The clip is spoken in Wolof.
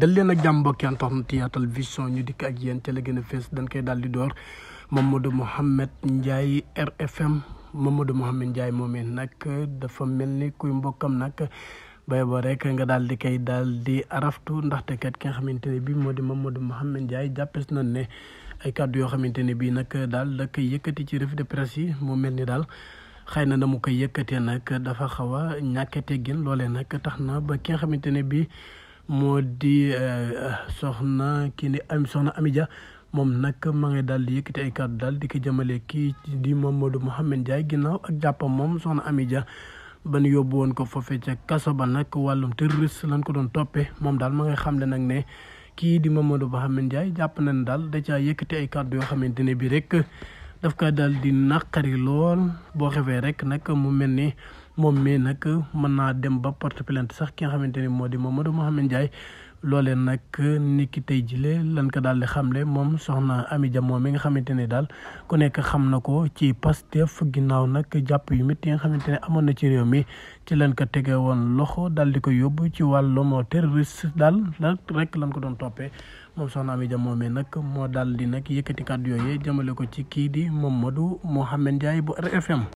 dal leen ak jàmm mbokki internet Yatal Vision ñu dikk ak yéen ca la gën a fees dañ koy daal di door Mamadou Mouhamed Ndiaye RFM Mamadou Mouhamed Ndiaye moomee nag dafa mel ni kuy mbokkam nag bay boo rek nga daal di kay daal di araftu ndaxte kat ki nga xamante ne bii moo di Mamadou Mouhamed Ndiaye jàppes nañ ne ay kàddu yoo xamante ne bii nag daal da koy yëkkati ci revue de presse yi moo mel ni daal. xëy na na mu koy yëkkatee nag dafa xaw a ñàkk teggin loolee nag tax na ba ki nga xamante ne bii moo di eh, soxna kii ni am soxna Amy Dia moom nag ma ngay daal di yëkkati ay kàddu daal di ko jëmale kii di Mamadou Mouhamed Ndiaye ginnaaw ak jàppam moom soxna Amy Dia ba nu yóbbu woon ko foofee ca kaso ba nag wàllum terroriste lañ ko doon toppee moom daal ma ngay xamle nag ne kii di Mamadou Mouhamed Ndiaye jàpp nañ daal da caa yëkkati ay kàddu yoo xamante ne bii rek. daf ka dal di naqari lool boo xewee rek nag mu mel ni moom mii nag mën naa dem ba porte plainte sax ki nga xamante ni moo di Mamadou Mohamed Ndiaye loolee nag ni ki tey jile lan ko daal di xamle moom soxna ami Dia mi nga xamante ne daal ku nekk xam na ko ci Pastef ginnaaw nag jàpp yu métti yi nga xamante ne amoon na ci réew mi ci lan ko tege woon loxo daal di ko yóbbu ci wàll wàllum terroriste daal lan rek lan ko doon toppee moom soxna Amy Dia moomee nag moo daal di nag yëkkati kàddu yooyu jëmale ko ci kii di Mamadou Mouhamed Ndiaye bu RFM